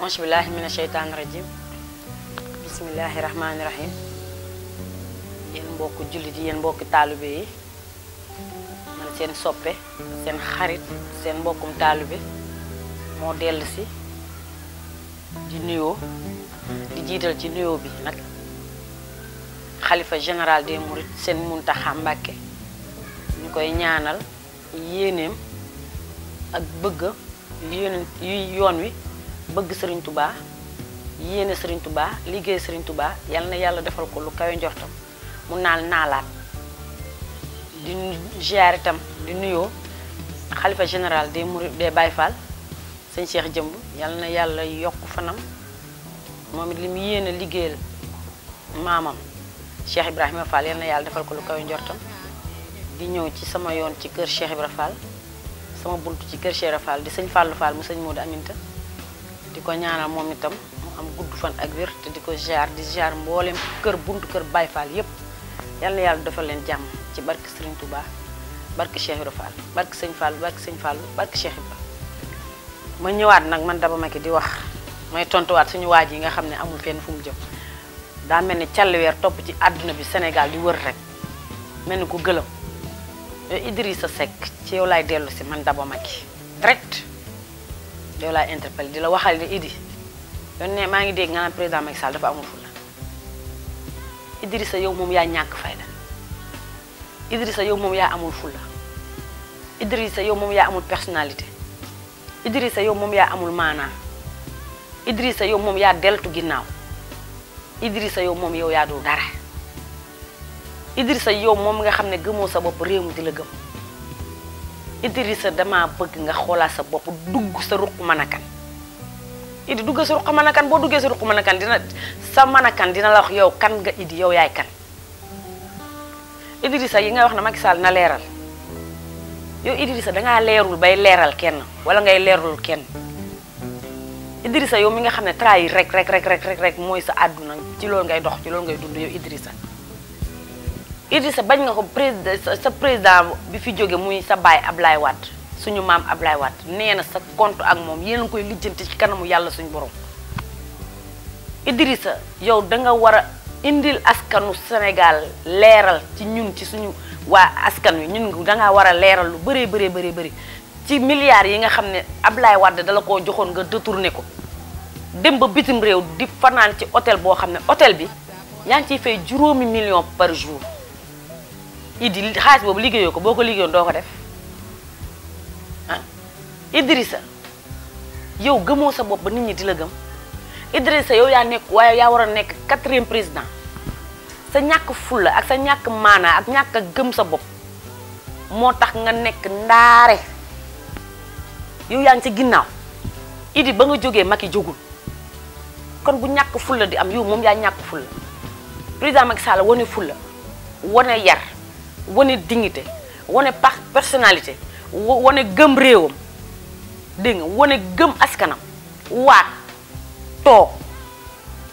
auzu billaahi mina sheytaani rajiim bismillaahi rahmaani rahiim yéen mbokk jullit yi yéen mbokku yi man seen soppe seen xarit seen mbokkum taalibe moo dellu si di nuyoo di jiital ci nuyoo bi nag xalifa général des mourides seen Muntaxa Mbàkke ñu koy ñaanal yéeneem ak bëgg yu yoon wi bëgg sëriñ tubaa yéene Serigne Touba liggéey Serigne Touba yal na yàlla defal ko lu kawe njortam mu naal naalaat di ziar itam di nuyoo xalifa général de Mourides des Baye Fall sëñ Cheikh Jëmb yal na yàlla yokk fanam moom it li mu yéene liggéeyal maamam Cheikh Ibrahima Fall yal na yàlla defal ko lu kawe njortam di ñëw ci sama yoon ci kër Cheikh Ibrahima Fall sama buntu ci kër Cheikh Ibrahima Fall di sëñ Fallou Fall mu sëñ Modou Aminta di ko ñaanal moom itam mu am gudd fan ak wér te di ko ziar di ziar mboolem kër buntu kër Baye Fall yëpp yal na yàlla defal leen jàmm ci barke Serigne Touba barke Cheikh Ibra Fall barke Sëñ Fall barke Sëñ Fall barke Cheikh Ibra ma ñëwaat nag man Daba Macky di wax may tontuwaat suñu waaj yi nga xam ne amul fenn fu mu jëm daa mel ni callweer topp ci àdduna bi Sénégal di wër rek mel ni ku gëlëm yow Idrissa ci yow laay dellu si man Daba Macky yow laay interpellé di la waxal ne Idi yoon ne maa ngi dégg nga naan président Macky Sall dafa amul fulla Idrissa yow moom yaa ñàkk fayda Idrissa yow moom yaa amul fulla Idrissa yow moom yaa amul personnalité Idrissa yow moom amul maanaa Idrissa yow moom yaa deltu ginnaaw Idrissa yow moom yow yaa dul dara sa yow moom nga xam ne gëmoo sa bopp réew mi di la gëm Idrissa dama bëgg nga xoolaat sa bopp dugg sa ruq manakan Idi dugg sa ruq boo duggee sa ruq manakan dina sa dina la wax yow kan nga Idi yow yaay kan Idrissa yi nga wax na Macky Sall na leeral yow Idrissa dangaa leerul bay leeral kenn wala ngay leerul kenn Idrissa yow mi nga xam ne trahir rek rek rek rek rek mooy sa àdduna ci lool ngay dox ci lool ngay dund yow Idrissa Idrissa bañ nga ko président sa président bi fi jógee muy sa baay Ablaye Wade suñu maam Ablaye Wade nee na sa kont ak moom yéen a koy lijjanti ci kanamu yàlla suñu borom Idrissa yow da nga war a indil askanu Sénégal leeral ci ñun ci suñu waa askan wi ñun da ngaa war a leeral lu bëree bëree bëree bëri ci milliards yi nga xam ne Ablaye wadd dala koo joxoon nga détourné ko dem ba bitim réew di fanaan ci hôtel boo xam ne hôtel bi yaa ngi ciy fay juróomi million par jour. Idi xaalis boobu liggéeyoo ko boo ko liggéeyoon doo ko def ah yow gëmoo sa bopp ba nit ñi di la gëm Idrissa yow yaa nekk waaye yaa war a nekk quatrième président sa ñàkk fulla ak sa ñàkk maana ak ñàkk a gëm sa bopp moo tax nga nekk ndaare yow yaa ngi ci ginnaaw Idi ba nga jógee Macky jógul kon bu ñàkk fulla di am yow moom yaa ñàkk fulla président Macky Sall wane fulla wane yar wane dignité wane par personnalité wane gëm réewam dégg nga wane gëm askanam waat toog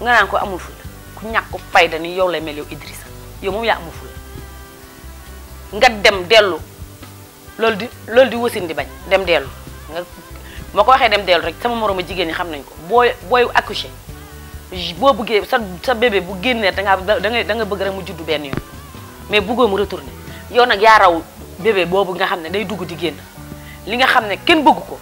nga naan ko amul ful ku ñàkk fayda ni yow lay mel yow Idrissa yow moom yaa amul ful nga dem dellu loolu di loolu di wasin di bañ dem dellu nga moo ko waxee dem dellu rek sama morooma jigéen ñi xam nañ ko booy booy accouché boo bëggee sa sa bébé bu génnee da ngaa da nga bëgg rek mu juddu benn yoon mais bëggoo mu retourné yow nag yaa raw bébé boobu nga xam ne day dugg di génn li nga xam ne kenn bëgg ko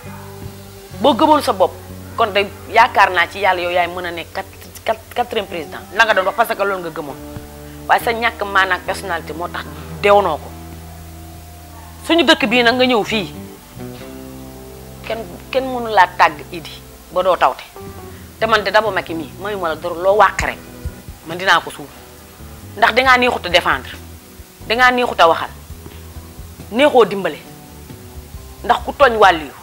boo gëmoon sa bopp kon de yaakaar naa ci yàlla yow yaay mën a nekk quatre quatrième président la nga doon wax parce que loolu nga gëmoon waaye sa ñàkk maanaam personnalité moo tax noo ko suñu dëkk bii nag nga ñëw fii kenn kenn mënu laa tàgg idi ba doo tawte te man de Daba Macky mii mayu ma la dor loo wàq rek man dinaa ko suuf ndax dangaa neexut a défendre dangaa neexut a waxal neexoo dimbale ndax ku tooñ wàlliyu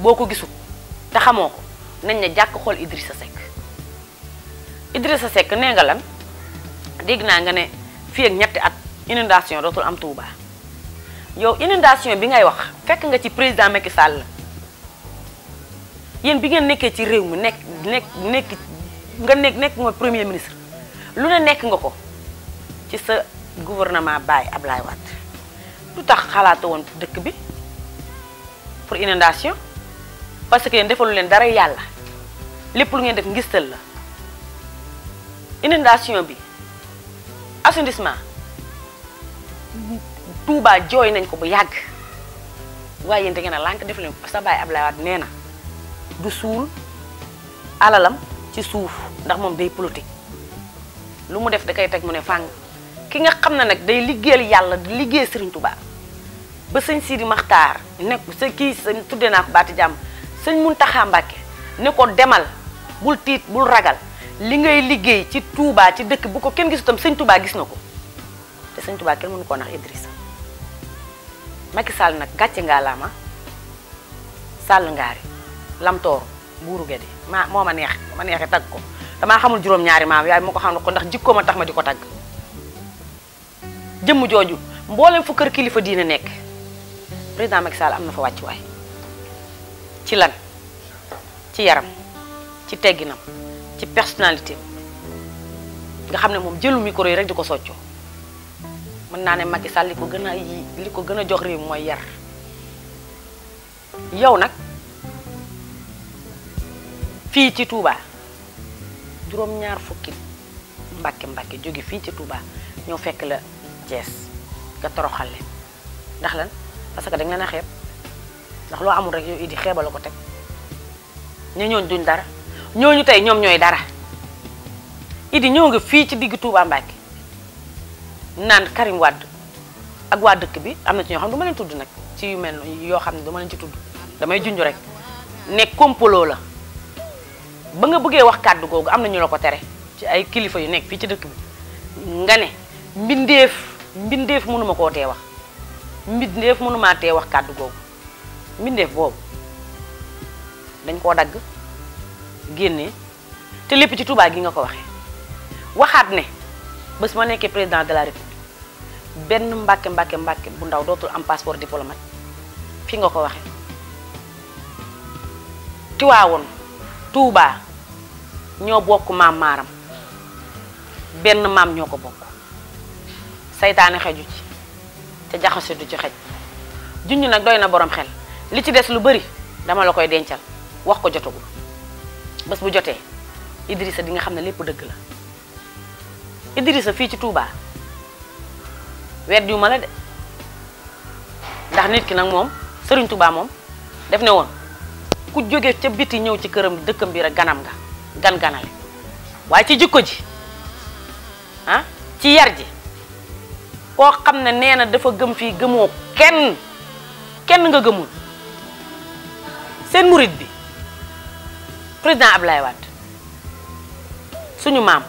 boo ko gisul te xamoo ko nañ ne jàkk xool Idrissa Seck Idrissa Seck nee nga lan dégg naa nga ne fii ak ñetti at inondation dootul am Touba yow inondation bi ngay wax fekk nga ci président Macky Sall la yéen bi ngeen nekkee ci réew mi nekk nekk nekk nga nekk nekk nga premier ministre lu ne nekk nga ko ci sa gouvernement bàyyi Ablaye wat lu tax xalaatu woon dëkk bi pour inondation parce que yéen defalu leen dara yàlla lépp lu ngeen def ngistal la inondation bi assainissement Touba jooy nañ ko bu yàgg waaye yéen da ngeen a lànk def leen sa bàyyi Ablaye Wade nee na du suul alalam ci suuf ndax moom day politique lu mu def da kay teg mu ne fàng ki nga xam na nag day liggéeyal yàlla liggéey Serigne tubaa ba sëñ Sidi Maxtaar nekk sa kii sa tudde naa ko baati jàmm sëñ Muntaxa Mbàkke ne ko demal bul tiit bul ragal li ngay liggéey ci Touba ci dëkk bu ko kenn gisu tam sëñ tubaa gis na ko te sëñ Touba kenn mënu koo nax Idrissa Macky Sall nag gàcce ngaa laama sàll ngaari lamtoor buuru gede maa moo ma neex ma neexee tagg ko damaa xamul juróom-ñaari maam yaay moo ko xam ne ko ndax jikkooma tax ma di ko tagg jëmm jooju mboolem fu kër kilifa diine nekk président Macky Sall am na fa wàccuwaay ci lan ci yaram ci tegginam ci personnalité nga xam ne moom jëlu micro yi rek di ko soccoo mën naa ne Macky Sall li ko gën a yi li ko gën a jox réew mooy yar yow nag fii ci tuubaa juróom-ñaar fukki mbàkke mbàkke jóge fii ci Touba ñoo fekk la Thiès nga toroxal leen ndax lan parce que dañ leen a xeeb ndax loo amul rek yow idi xeebala ko teg ña ñooñ duñ dara ñooñu tey ñoom ñooy dara idi ñëw nga fii ci digg Touba Mbacké naan Karim wàdd ak waa dëkk bi am na ci ñoo xam ne du ma leen tudd nag ci yu mel yoo xam ne du ma leen ci tudd damay junj rek ne complot la ba nga bëggee wax kàddu googu am na ñu la ko tere ci ay kilifa yu nekk fii ci dëkk bi nga ne mbindeef mbindeef mënuma koo te wax mbindeef mënuma te wax kàddu googu mbindeef boobu dañ koo dagg génnee te lépp ci Touba gi nga ko waxee waxaat ne bés ma nekkee président de la benn mbàkke mbàkke mbàkke bu ndaw dootul am passeport diplomate fi nga ko waxee Tiwaawoon Touba ñoo bokk maam maaram benn maam ñoo ko bokk saytaane xeju ci te jaxase du ci xej junj nag doy na boroom xel li ci des lu bari dama la koy dencal wax ko jotagul bés bu jotee Idrissa di nga xam ne lépp dëgg la Idrissa fii ci Touba weddiwu ma la de ndax nit ki nag moom sëriñ Touba moom def ne woon ku jóge ca biti ñëw ci këram dëkkam bi rek ganam nga gan ganale waaye ci jikko ji ah ci yar ji koo xam ne nee na dafa gëm fii gëmoo kenn kenn nga gëmul seen murit bi président Ablaye Wade suñu maam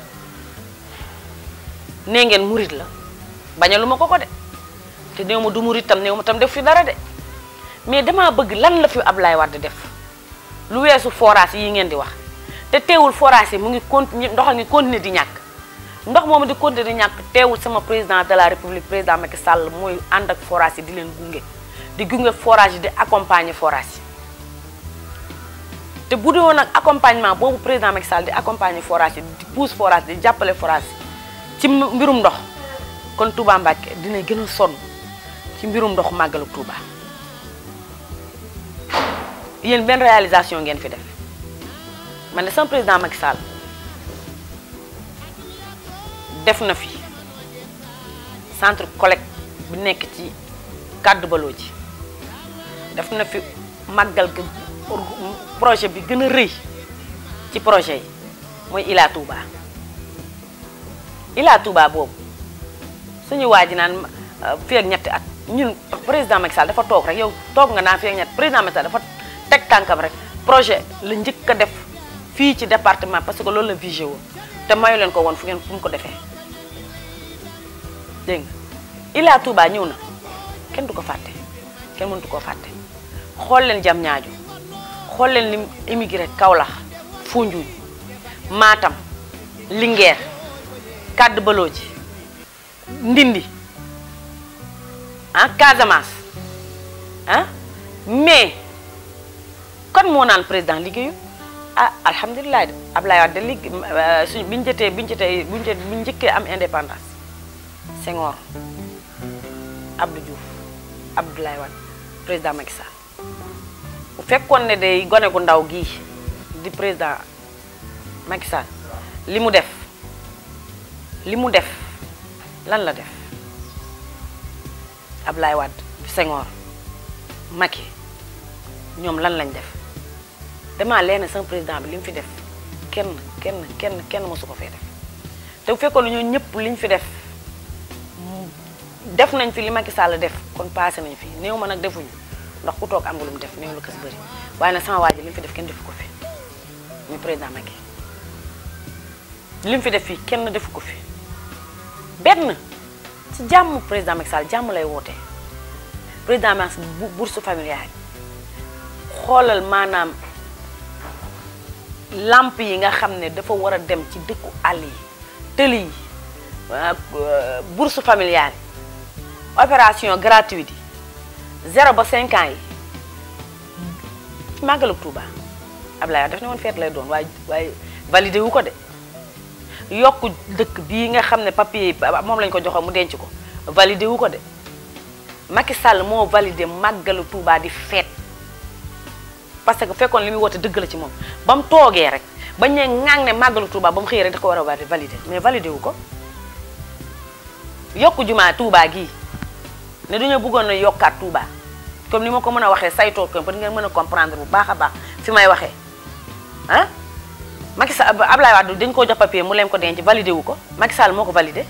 nee ngeen murit la bañalu ma ko ko de te néew ma du murit tam néew ma tam def fi dara de mais damaa bëgg lan la fi ab Ablaye Wade def lu weesu forage yi ngeen di wax te teewul forage yi mu ngi continuer ndoxal ngi continuer di ñàkk ndox moom di continuer di ñàkk teewul sama président de la république président Macky Sall mooy ànd ak forage di leen gunge di gunge forage di accompagner forage te bu dee woon accompagnement boobu président Macky Sall di accompagner forage yi di pousse forage di jàppale forage ci mbirum ndox kon Touba Mbacké dina gën a sonn ci mbirum ndox màggalu Touba yéen benn réalisation ngeen fi def mane ne sama président Macky Sall def na fi centre collecte bi nekk ci kàddu baloo ji def na fi màggal ga projet bi gën a rëy ci projet yi mooy Ila Touba Ila Touba boobu suñu waa ji naan euh, fii ak ñetti at ñun président Macky Sall dafa toog rek yow toog nga naan fii ak ñetti président Macky Sall dafa teg tànkam rek projet la njëkk a def fii ci département parce que loolu la vigé woon te mayu leen ko woon fu ngeen fu mu ko defee dégg nga Ila ñëw na kenn du ko fàtte kenn mëntu koo fàtte xool leen jam ñaaju xool leen lim immigré Kaolack Foundiougne Matam Linguère Kàdd Balooji Ndindi ah Casamance ah mais kon moo naan président liggéeyu ah alhamdulilah Ablaye Wade de ligg euh, suñ biñu jëtee biñu jëtee buñu jëtee buñu njëkkee am indépendance Senghor Abdou Diouf Abdoulaye Wade président Macky Sall bu fekkoon ne day gone gu ndaw gii di président Macky Sall li mu def li mu def lan la def ab Abdoulaye Wade Senghor Macky ñoom lan lañ def damaa leen sama président bi li mu fi def kenn kenn kenn kenn mosu ko fee def te bu fekkoon ne ñun ñëpp liñ fi def. def nañ fi li Macky Sall def kon passé nañ fi néew ma nag defuñu ndax ku toog am lu mu def néew lu ko kës bëri waaye nag sama waa ji li mu fi def kenn defu ko fi muy président mag li mu fi def fii kenn defu ko fi benn si jàmm président Macky Sall jàmm lay woote président Macky bourse familiale xoolal maanaam làmp yi nga xam ne dafa war a dem ci dëkku àll yi tëli yi ah, euh, bourse familiale opération gratuit yi zéro ba cinq ans yi màggalu Touba Ablaye daf ne woon feet lay doon waaye waaye validé wu ko de yokk dëkk bii nga xam ne papier ah, moom lañ ko joxoon mu denc ko validé wu ko de Macky sàll moo validé màggalu Touba di feet parce que fekkoon li muy woote dëgg la ci moom ba mu toogee rek bañ ne ŋaang ne màggalu Touba ba mu xëyee rek da ko war a validé mais validé wu ko yokk jumaa Touba gii. ne dañoo bëggoon a yokkaat Touba comme ni ma ko mën a waxee saytoo ko pour ngeen mën a comprendre bu baax a baax fi may waxee ah Macky Sall Abdoulaye Wade dañ koo jox papier mu leen ko denc validé wu ko Macky Sall moo ko validé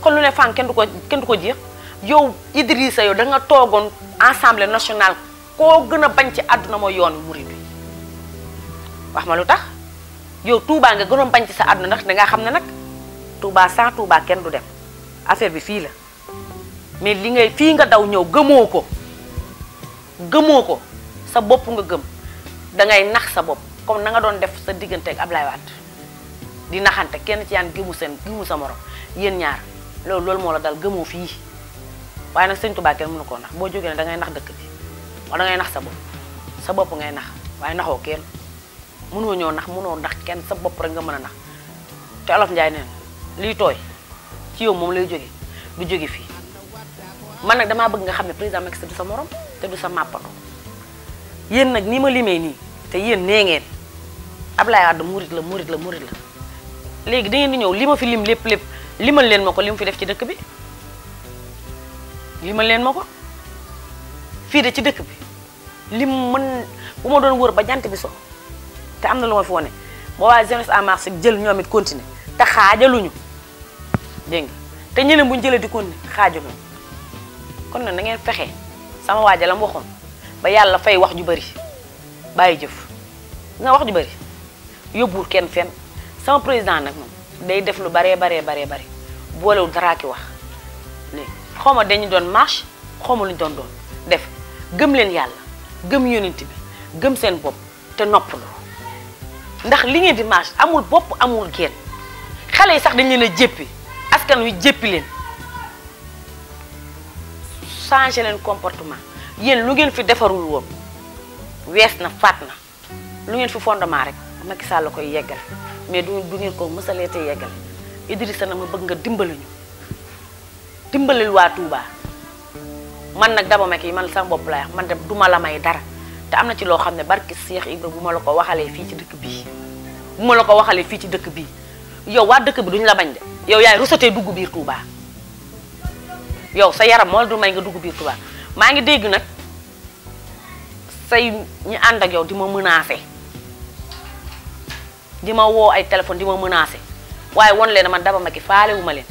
kon lu ne fànn kenn du ko kenn du ko jeex yow Idrissa yow da nga toogoon assemblée national koo gën a bañ ci àdduna moo yoonu murid bi wax ma lu tax yow Touba nga gënoon bañ ci sa àdduna ndax dangaa xam ne nag Touba sans Touba kenn du dem affaire bi fii la. mais li ngay fii nga daw ñëw gëmoo ko gëmoo ko sa bopp nga gëm dangay nax sa bopp comme na nga doon def sa diggante ak Ablaye Wade di naxante kenn ci yaan gëmu seen gëmu sa morom yéen ñaar loolu loolu moo la dal gëmoo fii waaye nag sëñ Tuubaa kenn mënu koo nax boo jógee ne dangay nax dëkk bi wala dangay nax sa bopp sa bopp ngay nax waaye naxoo kenn mënoo ñoo nax mënoo nax kenn sa bopp rek nga mën a nax te Olof Njaay neen liy tooy ci yow moom lay jóge du jóge fii man nag damaa bëgg nga xam ne président Macky Sall du sa morom te du sa màppandoo yéen nag nii ma limee nii te yéen nee ngeen Ablaye Wade murit la murit la murit la léegi da ngeen di ñëw li ma fi lim lépp lépp limal leen ma ko li mu fi def ci dëkk bi limal leen ma ko fii de ci dëkk bi lim mën bu ma doon wër ba jant bi so te am na lu ma fi wone moo waa jeunesse en marche jël ñoom it continuer te xaajaluñu dégg te ñeneen bu jëlee di continuer xaajaluñu kon nag na ngeen fexe sama waajalam waxoon ba yàlla fay wax ju bari bàyyi jëf nga wax ju bari yóbbuwul kenn fen sama président nag moom day def lu baree baree baree bare boolewul daraa ki wax léegi xaw ma dañu doon marche xaw ma lu ñu doon doon def gëm leen yàlla gëm yonent bi gëm seen bopp te noppalu ndax li ngeen di marche amul bopp amul geen xale yi sax dañ leen a jéppi askan wi jéppi leen changé leen comportement yéen lu ngeen fi defarul woon wees na faat na lu ngeen fi fondement rek Macky Sall la koy yeggal mais du du ngeen ko mësalee te yeggal Idrissa na ma bëgg nga dimbali ñu dimbalil waa Touba man nag daba Macky man sama bopp laa wax man de du ma la may dara te am na ci loo xam ne barki Cheikh Ibra bu ma la ko waxalee fii ci dëkk bii bu ma la ko waxalee fii ci dëkk bii yow waa dëkk bi duñu la bañ de yow yaay rusatee dugg biir Touba. yow sa yaram moo la du may nga dugg biir tubaab maa ngi dégg nag say ñu ànd ak yow di ma mënaase di ma woo ay téléphone di ma menacé waaye won leen dama Daba Macky faalewu ma leen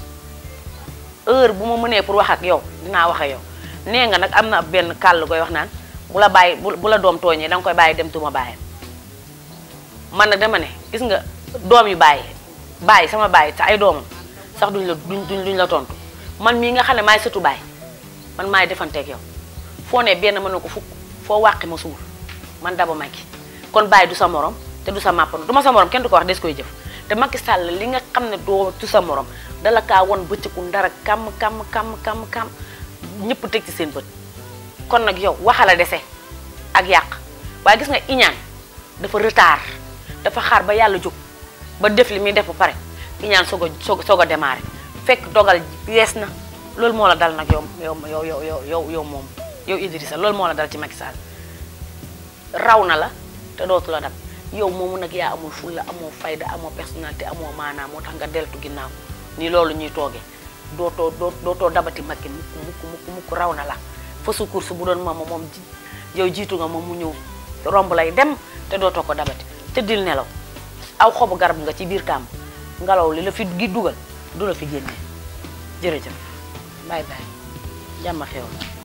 heure bu ma mënee pour wax ak yow dinaa wax ak yow nee nga nag am na benn kàll koy wax naan bu la bàyyi bu la doom tooñee danga koy bàyyi dem tuma bàyyam man nag dama ne gis nga doom yu bàyyi bàyyi sama bàyyi te ay doomam sax duñ la duñ duñ la tontu. man mii nga xam ne maay sëtu baay man maay defanteeg yow foo ne benn man na ko fukk foo wàqi ma suul man Daba Macky kon baay du sa moroom te du sa màppano du ma sa morom kenn du ko wax des koy jëf te Macky sàll li nga xam ne doo du sa moroom dala kaa won bëccëgu ndara kam kam kam kam kam ñëpp teg ci seen bët kon nag yow waxala dese ak yàq waaye gis nga iñaan dafa retard dafa xaar ba yàlla jóg ba def li muy def ba pare iñaan soog a soog a démarré fekk dogal wees na loolu moo la dal nag yow yow yow yow yow yow moom yow Idrissa loolu moo la dal ci Macky Sall raw na la te dootu la yow moomu nag yaa amul fulla amoo fayda amoo personnalité amoo maanaa moo tax nga ginnaaw ni loolu ñuy toogee dootoo dootoo dabati Macky mukk mukk mukk raw na la fasu course bu doon moom moom yow jiitu nga moom mu ñëw romb lay dem te dootoo ko dabati tëddil nelaw aw xobu garab nga ci biir kàmb ngelaw li la fi gi dugal du la fi génne jërëjëf bye bye jàmm xew